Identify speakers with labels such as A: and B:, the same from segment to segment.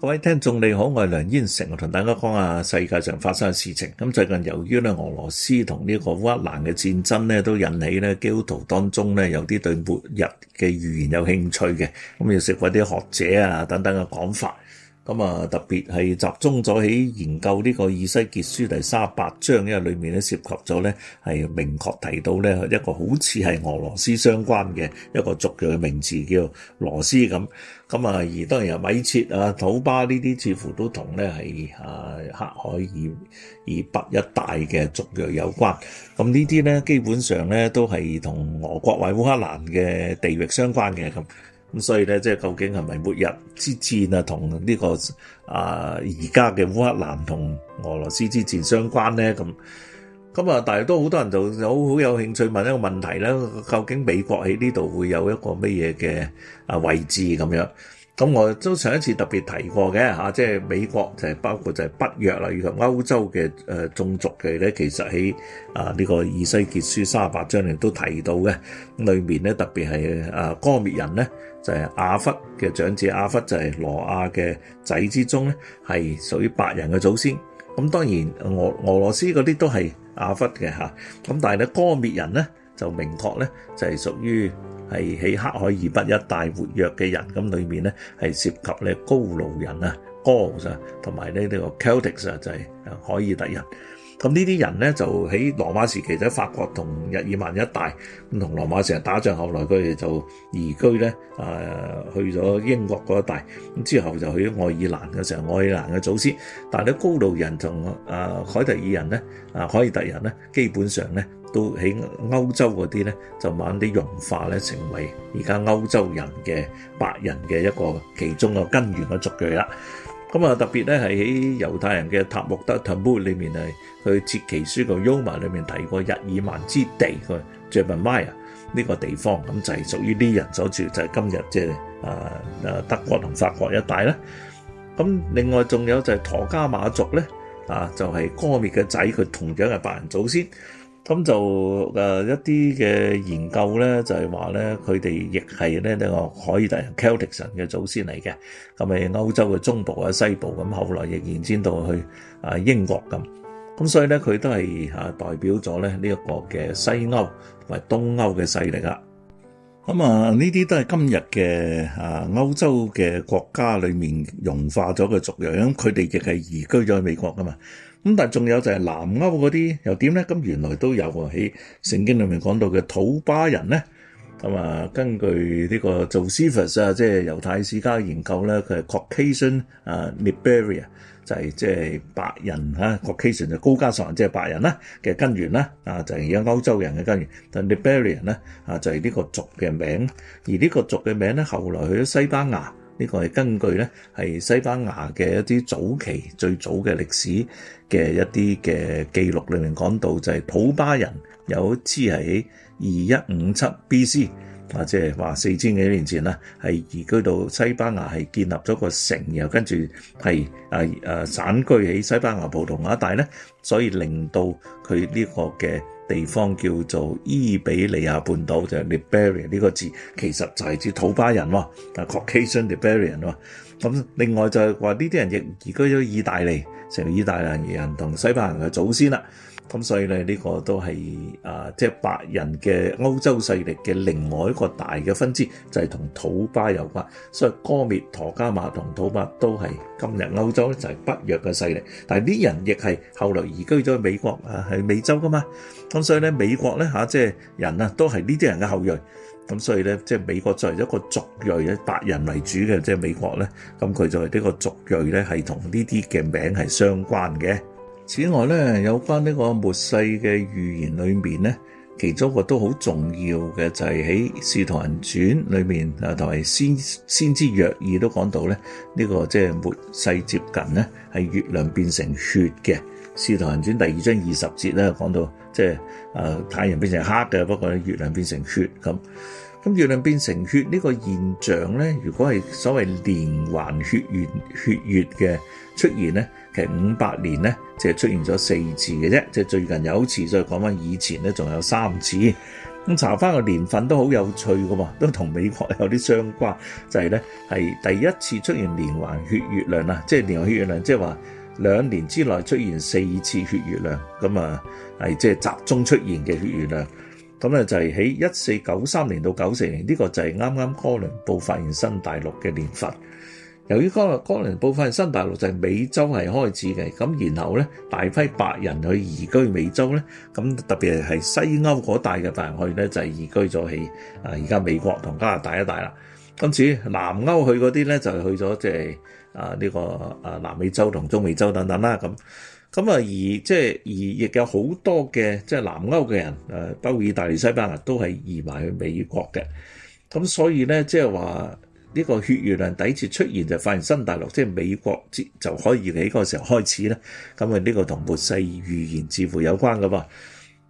A: 各位聽眾你好，我係梁燕成，同大家講下世界上發生嘅事情。咁最近由於俄羅斯同呢個烏克蘭嘅戰爭都引起呢基督徒當中呢有啲對末日嘅預言有興趣嘅，咁要食下啲學者啊等等嘅講法。咁啊，特別係集中咗喺研究呢個《以西結書》第三十八章，因為裡面咧涉及咗咧係明確提到咧一個好似係俄羅斯相關嘅一個族裔嘅名字叫羅斯咁。咁啊，而當然有米設啊、土巴呢啲，似乎都同咧係啊黑海以以北一帶嘅族裔有關。咁呢啲咧，基本上咧都係同俄國或烏克蘭嘅地域相關嘅咁。咁所以咧，即係究竟係咪末日之戰啊、這個，同呢個啊而家嘅烏克蘭同俄羅斯之戰相關咧？咁咁啊，但係都好多人就好好有興趣問一個問題咧，究竟美國喺呢度會有一個乜嘢嘅啊位置咁樣？咁我都上一次特別提過嘅即係美國就係包括就係北約啦，以及歐洲嘅誒、呃、種族嘅咧，其實喺啊呢、這個《以西結書》三十八章裏都提到嘅，裏面咧特別係啊哥滅人咧就係、是、阿弗嘅長子，阿、啊、弗就係羅亞嘅仔之中咧係屬於白人嘅祖先。咁當然俄俄羅斯嗰啲都係阿弗嘅咁、啊、但係咧哥滅人咧就明確咧就係、是、屬於。係喺黑海以北一帶活躍嘅人，咁裏面咧，係涉及咧高盧人啊、Gauls 啊，同埋呢個 Celtics 就係凱爾特人。咁呢啲人咧就喺羅馬時期喺法國同日耳曼一帶咁同羅馬成日打仗，後來佢哋就移居咧去咗英國嗰一帶，咁之後就去愛爾蘭嘅時候，愛爾蘭嘅祖先。但係咧高盧人同啊凱爾特人咧，啊凱爾特人咧基本上咧。都喺歐洲嗰啲咧，就慢啲融化咧，成為而家歐洲人嘅白人嘅一個其中個根源嘅族裔啦。咁、嗯、啊，特別咧係喺猶太人嘅《塔木德》《Talmud》裏面係佢《切奇書》個《Yoma》裏面提過日耳曼之地佢《Germania》呢個地方，咁就係屬於呢人所住就係、是、今日即係啊德國同法國一帶啦。咁、嗯、另外仲有就係陀加馬族咧啊，就係、是、哥滅嘅仔，佢同樣係白人祖先。咁就誒一啲嘅研究咧，就係話咧，佢哋亦係咧呢個凱爾特人 （Celtic） 神嘅祖先嚟嘅。咁喺歐洲嘅中部啊、西部，咁後來亦然遷到去啊英國咁。咁所以咧，佢都係代表咗咧呢一個嘅西歐同埋東歐嘅勢力啊。咁啊，呢啲都係今日嘅啊歐洲嘅國家裏面融化咗嘅族樣，佢哋亦係移居咗去美國噶嘛。咁但仲有就係南歐嗰啲又點咧？咁原來都有喎，喺聖經裏面講到嘅土巴人咧，咁啊根據呢個 Josephus 啊，即係猶太史家研究咧，佢係 Caucasian 啊 Nubarian 就係即係白人 Caucasian 就高加索人，即係白人啦嘅根源啦，啊就係而家歐洲人嘅根源，但 Nubarian 咧啊就係呢個族嘅名，而呢個族嘅名咧，後來去咗西班牙。呢個係根據咧，係西班牙嘅一啲早期最早嘅歷史嘅一啲嘅記錄裏面講到，就係普巴人有支喺二一五七 B.C. 啊，即係話四千幾年前啦，係移居到西班牙，係建立咗個城，然後跟住係啊啊散居喺西班牙、葡萄牙一帶咧，所以令到佢呢個嘅地方叫做伊比利亞半島，就係、Iberia 呢個字其實就係指土巴人喎、啊啊、Caucasian Iberian 喎、啊。咁、嗯、另外就係話呢啲人亦移居咗意大利，成為意大利人同西班牙人嘅祖先啦、啊。咁所以咧，呢個都係啊，即係白人嘅歐洲勢力嘅另外一個大嘅分支，就係同土巴有關。所以歌篾陀加馬同土巴都係今日歐洲咧就係北約嘅勢力。但係啲人亦係後來移居咗去美國啊，係美洲噶嘛。咁所以咧，美國咧嚇即係人啊，都係呢啲人嘅後裔。咁所以咧，即係美國作為一個族裔咧，白人為主嘅，即係美國咧，咁佢就係呢個族裔咧係同呢啲嘅名係相關嘅。此外咧，有關呢個末世嘅預言裏面咧，其中一個都好重要嘅就係喺《使徒行傳》裏面啊，同埋《先先知約珥都講到咧，呢、呢個即係末世接近咧，係月亮變成血嘅。《使徒行傳》第二章二十節咧講到，即係啊，太陽變成黑嘅，不過月亮變成血咁。咁月亮變成血呢個現象咧，如果係所謂連環血月血月嘅出現咧，其實五百年咧就係出現咗四次嘅啫，即係最近有一次再講翻以前咧，仲有三次。咁查翻個年份都好有趣㗎嘛，都同美國有啲相關，就係咧係第一次出現連環血月亮啦，即係連環血月亮，即係話兩年之內出現四次血月亮，咁啊係即係集中出現嘅血月亮。咁咧就係喺一四九三年到九四年呢、呢個就係啱啱哥倫布發現新大陸嘅年份。由於哥倫哥倫布發現新大陸就係美洲係開始嘅，咁然後咧大批白人去移居美洲咧，咁特別係西歐嗰帶嘅白人去咧就係、是、移居咗喺啊而家美國同加拿大一帶啦。今次南歐去嗰啲咧就係、是、去咗即係啊！呢個啊南美洲同中美洲等等啦，咁咁啊，而即係而亦有好多嘅即係南歐嘅人，誒包括意大利、西班牙都係移埋去美國嘅。咁所以咧，即係話呢個血月量第一次出現就發現新大陸，即係美國就就可以喺嗰個時候開始啦，咁啊，呢個同末世預言似乎有關噶噃。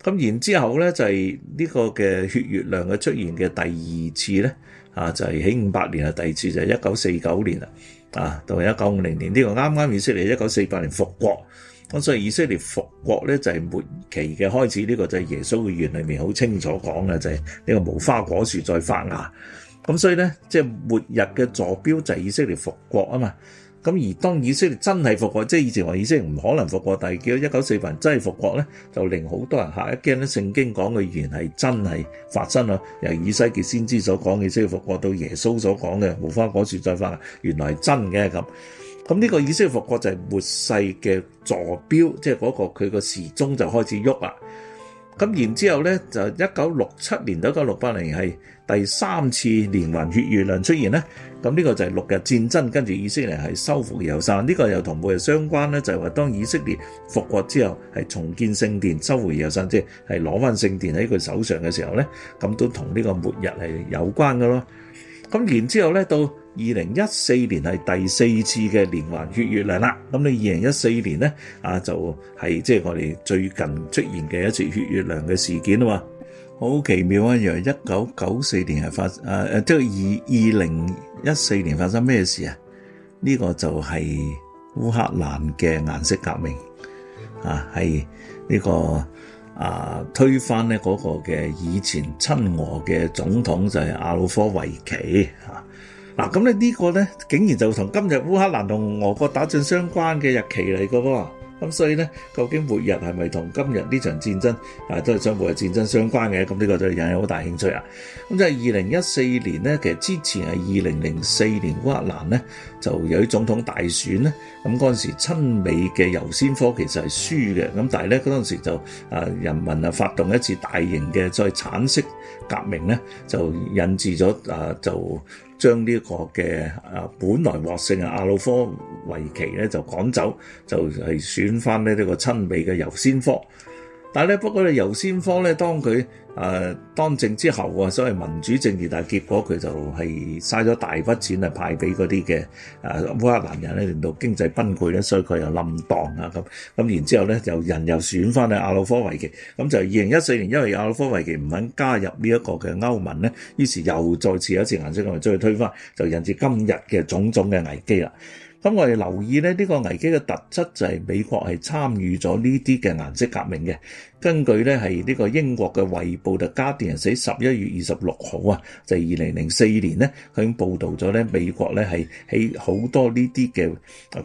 A: 咁然之後咧就係呢個嘅血月量嘅出現嘅第二次咧啊，就係喺五百年啊，第二次就係一九四九年啦啊，到一九五零年呢個啱啱以色列一九四八年復國，咁所以以色列復國咧就係末期嘅開始。呢、這個就係耶穌嘅預言裏面好清楚講嘅，就係、是、呢個無花果樹在發芽。咁所以咧，即係末日嘅坐標就係以色列復國啊嘛。咁而當以色列真係復國，即係以前話以色列唔可能復國，但係見到一九四八年真係復國咧，就令好多人嚇一驚咧。聖經講嘅預言係真係發生啦，由以西結先知所講嘅以色列復國到耶穌所講嘅無花果樹再發，原來係真嘅咁。咁呢個以色列復國就係末世嘅座標，即係嗰個佢個時鐘就開始喐啦。咁然之後咧，就一九六七年到一九六八年係第三次連環血月亮出現咧。咁呢個就係六日戰爭，跟住以色列係收復猶山。呢個又同末日相關咧，就係話當以色列復國之後，係重建聖殿，收回猶山，即係攞翻聖殿喺佢手上嘅時候咧，咁都同呢個末日係有關嘅咯。咁然之後咧，到二零一四年係第四次嘅連環血月亮啦，咁你二零一四年咧啊就係即係我哋最近出現嘅一次血月亮嘅事件啊哇！好奇妙一樣啊，由一九九四年係發啊誒，即係二二零一四年發生咩事啊？呢、呢個就係烏克蘭嘅顏色革命係、呢個、啊，係呢個啊推翻咧嗰個嘅以前親俄嘅總統就係阿魯科維奇啊。嗱、啊，咁咧呢個咧竟然就同今日烏克蘭同俄國打仗相關嘅日期嚟嘅喎，咁所以咧究竟末日係咪同今日呢場戰爭啊都係末日戰爭相關嘅？咁呢個都係引起好大興趣啊！咁就係二零一四年咧，其實之前係二零零四年烏克蘭咧就由於總統大選咧，咁嗰陣時親美嘅尤先科其實係輸嘅，咁但係咧嗰陣時就、啊、人民啊發動一次大型嘅橙色革命咧，就引致咗啊就。將呢個嘅啊，本來獲勝嘅阿魯科維奇咧就趕走，就係選返咧呢個親美嘅尤先科。但咧，不過咧，尤先科咧，當佢誒、呃、當政之後啊，所謂民主政治，但結果佢就係嘥咗大筆錢嚟派俾嗰啲嘅誒烏克蘭人咧，令到經濟崩潰咧，所以佢又冧檔啊咁，咁然之後咧，就人又選翻阿阿魯科維奇，咁就二零一四年，因為阿魯科維奇唔肯加入呢一個嘅歐盟咧，於是又再次有一次顏色咁嚟將佢推翻，就引致今日嘅種種嘅危機啦。咁我哋留意咧，呢個危機嘅特質就係美國係參與咗呢啲嘅顏色革命嘅。根據咧係呢個英國嘅《衛報》嘅加迪人寫十一月二十六號啊，就二零零四年咧，佢已經報導咗咧美國咧係喺好多呢啲嘅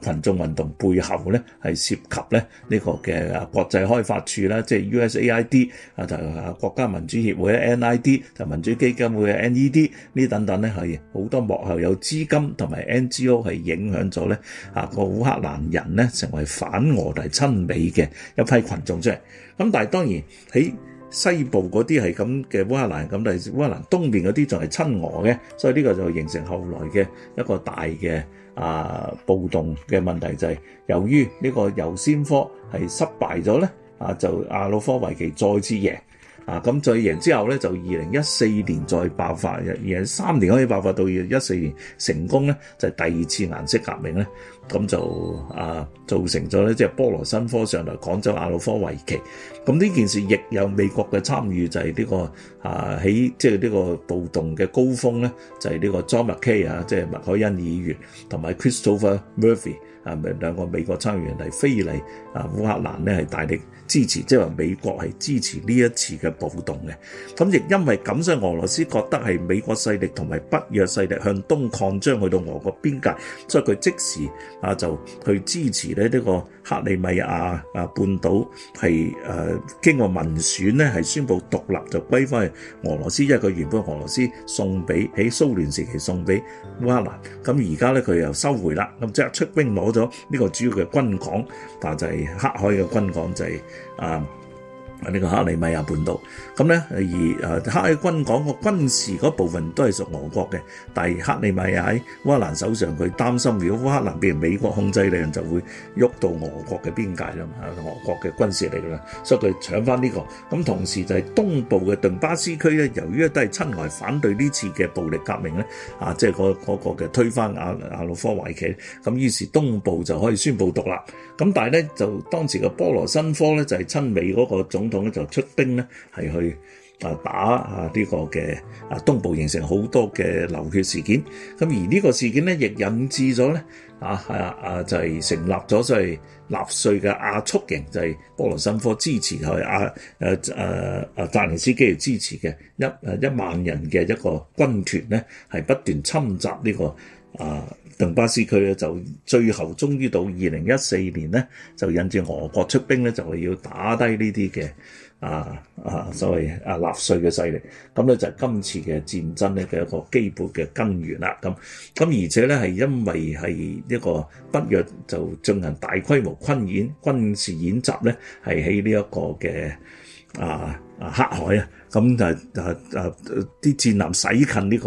A: 群眾運動背後咧係涉及咧呢個嘅國際開發處啦，即係 U.S.A.I.D 啊，就國家民主協會啊 N.I.D 就民主基金會啊 N.E.D 呢等等咧係好多幕後有資金同埋 N.G.O 係影響咗咧啊個烏克蘭人咧成為反俄帝親美嘅一批群眾出嚟。咁但係當然喺西部嗰啲係咁嘅烏克蘭咁，但係烏克蘭東面嗰啲仲係親俄嘅，所以呢個就形成後來嘅一個大嘅啊暴動嘅問題，就係，就係由於呢個尤先科係失敗咗咧，啊就亞努科維奇再次贏。啊，咁再贏之後咧，就二零一四年再爆發，一三年可以爆發到二零一四年成功咧，就係、是、第二次顏色革命咧，咁就啊造成咗咧即係波羅申科上嚟廣州亞努科維奇，咁呢件事亦有美國嘅參與，就係、是、呢個啊喺即係呢個暴動嘅高峰咧，就係、是、呢個 John McCain 啊，即係麥凱恩議員同埋 Christopher Murphy 啊兩個美國參議員係飛嚟啊烏克蘭咧係大力。支持即係話美國係支持呢一次嘅暴動嘅，咁亦因為咁，所以俄羅斯覺得係美國勢力同埋北約勢力向東擴張去到俄國邊界，所以佢即時啊就去支持咧、這、呢個。克里米亞啊半島係誒、呃、經過民選咧，係宣布獨立就歸翻去俄羅斯，因為佢原本俄羅斯送俾喺蘇聯時期送俾烏克蘭，咁而家咧佢又收回啦，咁即刻出兵攞咗呢個主要嘅軍港，但就係黑海嘅軍港就係、是、啊。呢個克里米亞半島，咁咧而誒克里軍港個軍事嗰部分都係屬俄國嘅，但係克里米亞喺烏克蘭手上，佢擔心如果烏克蘭變成美國控制嘅，就會喐到俄國嘅邊界啦嘛，俄國嘅軍事嚟㗎啦，所以佢搶翻呢個。咁同時就係東部嘅頓巴斯區咧，由於都係親外反對呢次嘅暴力革命咧，啊即係嗰個嘅推翻阿亞魯科維奇，咁於是東部就可以宣布獨立。咁但係咧就當時嘅波羅申科咧就係親美嗰個總統。就出兵咧，係去啊打啊呢個嘅啊東部形成好多嘅流血事件。咁而呢個事件咧，亦引致咗咧啊啊啊就係、是、成立咗就係納粹嘅亞速營，就係、是、波羅申科支持佢啊誒誒誒扎尼斯基支持嘅一誒一萬人嘅一個軍團咧，係不斷侵襲呢、這個。啊，頓巴斯區咧就最後終於到二零一四年咧，就引致俄國出兵咧，就係要打低呢啲嘅啊啊所謂啊納粹嘅勢力，咁咧就係今次嘅戰爭咧嘅一個基本嘅根源啦。咁咁而且咧係因為係一個北約就進行大規模軍演、軍事演習咧，係喺呢一個嘅啊啊黑海啊。咁就誒誒啲戰艦駛近、這個啊、呢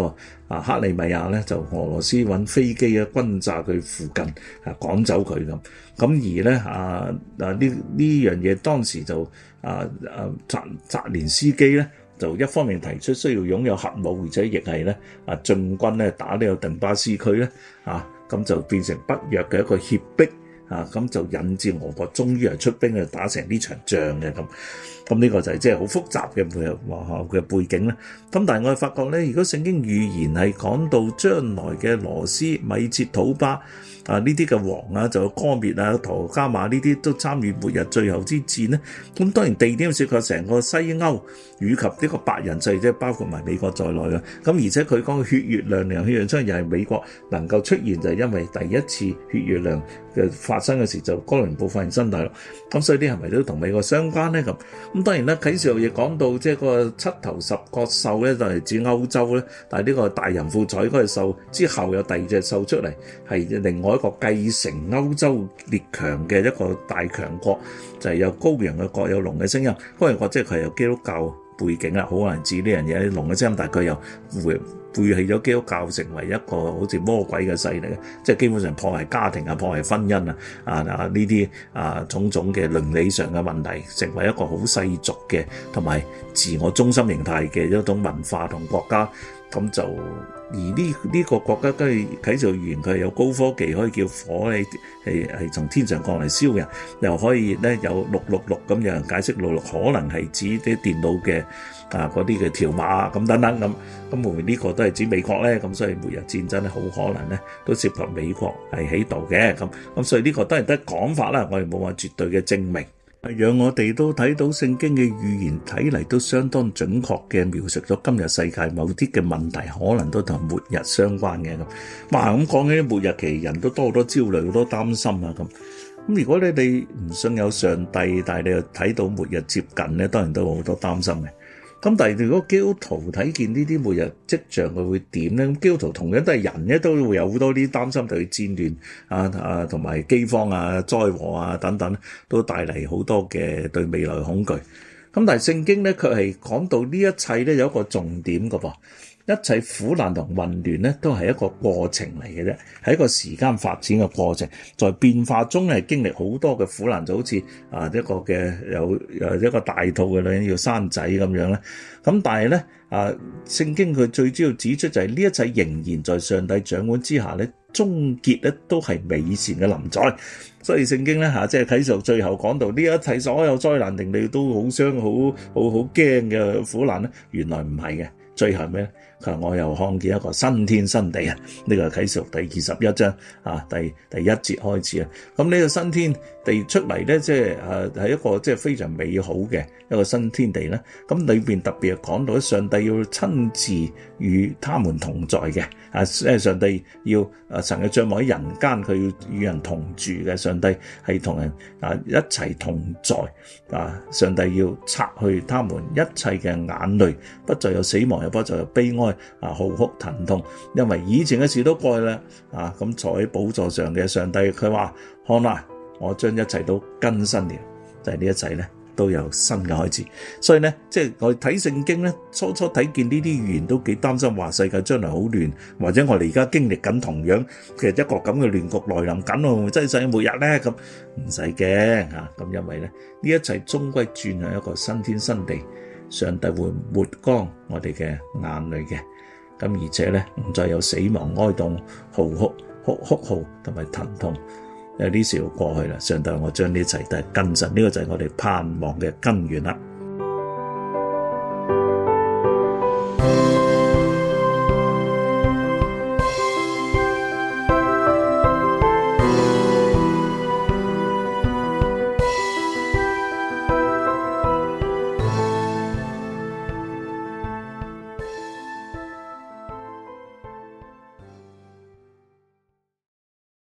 A: 個啊克里米亞咧，就俄羅斯揾飛機啊，轟炸佢附近，啊趕走佢咁。咁而咧啊嗱呢呢樣嘢當時就啊啊澤澤連斯基咧，就一方面提出需要擁有核武，或者亦係咧啊進軍咧打呢個頓巴斯區咧啊，咁、嗯、就變成北約嘅一個脅逼啊，咁、嗯、就引致俄國終於係出兵啊，去打成呢場仗嘅咁。嗯咁、這、呢個就係即係好複雜嘅嘅背景咧。咁但係我哋發覺咧，如果聖經預言係講到將來嘅羅斯、米切、土巴啊呢啲嘅王啊，王就歌篾啊、陀迦瑪呢啲都參與末日最後之戰咧。咁當然地點涉及成個西歐以及呢個白人世，即係包括埋美國在內嘅。咁而且佢講血月亮亮，血月出又係美國能夠出現，就係、是、因為第一次血月亮嘅發生嘅時候就哥倫布發現新大陸。咁所以啲係咪都同美國相關咧咁？咁當然咧，啟時候亦講到即係個七頭十角獸咧，就係指歐洲咧。但係呢個大人富彩嗰隻獸之後有第二隻獸出嚟，係另外一個繼承歐洲列強嘅一個大強國，就係有高陽嘅國有龍嘅聲音。高陽國即係佢有基督教背景啦，好難指呢樣嘢。龍嘅聲音大概又背棄咗基督教，成為一個好似魔鬼嘅勢力，即係基本上破壞家庭啊，破壞婚姻啊，啊啊呢啲啊種種嘅倫理上嘅問題，成為一個好世俗嘅同埋自我中心形態嘅一種文化同國家，咁就。而呢呢個國家佢啟示語言，佢有高科技可以叫火氣係係從天上降嚟燒人，又可以咧有六六六咁，有人解釋六六可能係指啲電腦嘅啊嗰啲嘅條碼咁等等咁咁，會唔會呢個都係指美國咧？咁所以末日戰爭咧好可能咧都涉及美國係喺度嘅咁咁，所以呢個都係得講法啦，我哋冇話絕對嘅證明。讓我哋都睇到聖經嘅預言睇嚟，都相當準確嘅描述咗今日世界某啲嘅問題，可能都同末日相關嘅咁，哇咁，講起末日期人都多好多焦慮，好多擔心啊咁，咁如果你哋唔信有上帝，但係你又睇到末日接近咧，當然都好多擔心嘅。咁但係如果基督徒睇見呢啲末日跡象，佢會點咧？咁基督徒同樣都係人咧，都會有好多啲擔心對，對戰亂啊啊，同埋饑荒啊、災禍啊等等，都帶嚟好多嘅對未來嘅恐懼。咁但係聖經咧，佢係講到呢一切咧有一個重點㗎噃。一切苦難同混亂咧，都係一個過程嚟嘅啫，係一個時間發展嘅過程，在變化中係經歷好多嘅苦難，就好似啊一個嘅有有一個大肚嘅女人要生仔咁樣咧。咁但係咧啊，聖經佢最主要指出就係呢一切仍然在上帝掌管之下咧，終結咧都係美善嘅臨在。所以聖經咧吓，即係睇到最後講到呢一切所有災難定你都好傷，好好好驚嘅苦難咧，原來唔係嘅，最後咩咧？佢話我又看見一個新天新地啊！呢、這個係啟示錄第二十一章啊，第第一節開始啊。咁、這、呢個新天地出嚟咧，即係誒係一個即係、就是、非常美好嘅一個新天地咧。咁、啊、裏邊特別係講到上帝要親自與他們同在嘅啊，即係上帝要誒曾、啊、日帳幕喺人間，佢要與人同住嘅。上帝係同人啊一齊同在啊！上帝要擦去他們一切嘅眼淚，不再有死亡，也不再有悲哀。啊，嚎哭疼痛，因為以前嘅事都過去啦，啊，咁坐喺寶座上嘅上帝，佢話：看啦，我將一切都更新了，就係呢一切咧都有新嘅開始。所以咧，即係我睇聖經咧，初初睇見呢啲預言都幾擔心，話世界將來好亂，或者我哋而家經歷緊同樣，其實一個咁嘅亂局來臨緊，會唔會真係末日咧？咁唔使驚吓，咁因為咧呢一切終歸轉向一個新天新地。上帝會抹乾我哋嘅眼淚嘅，咁而且呢，唔再有死亡哀動、哀痛、嚎哭、哭哭號同埋疼痛，有啲時候過去啦。上帝我將這，我將呢啲一切都更新，呢個就係我哋盼望嘅根源啦。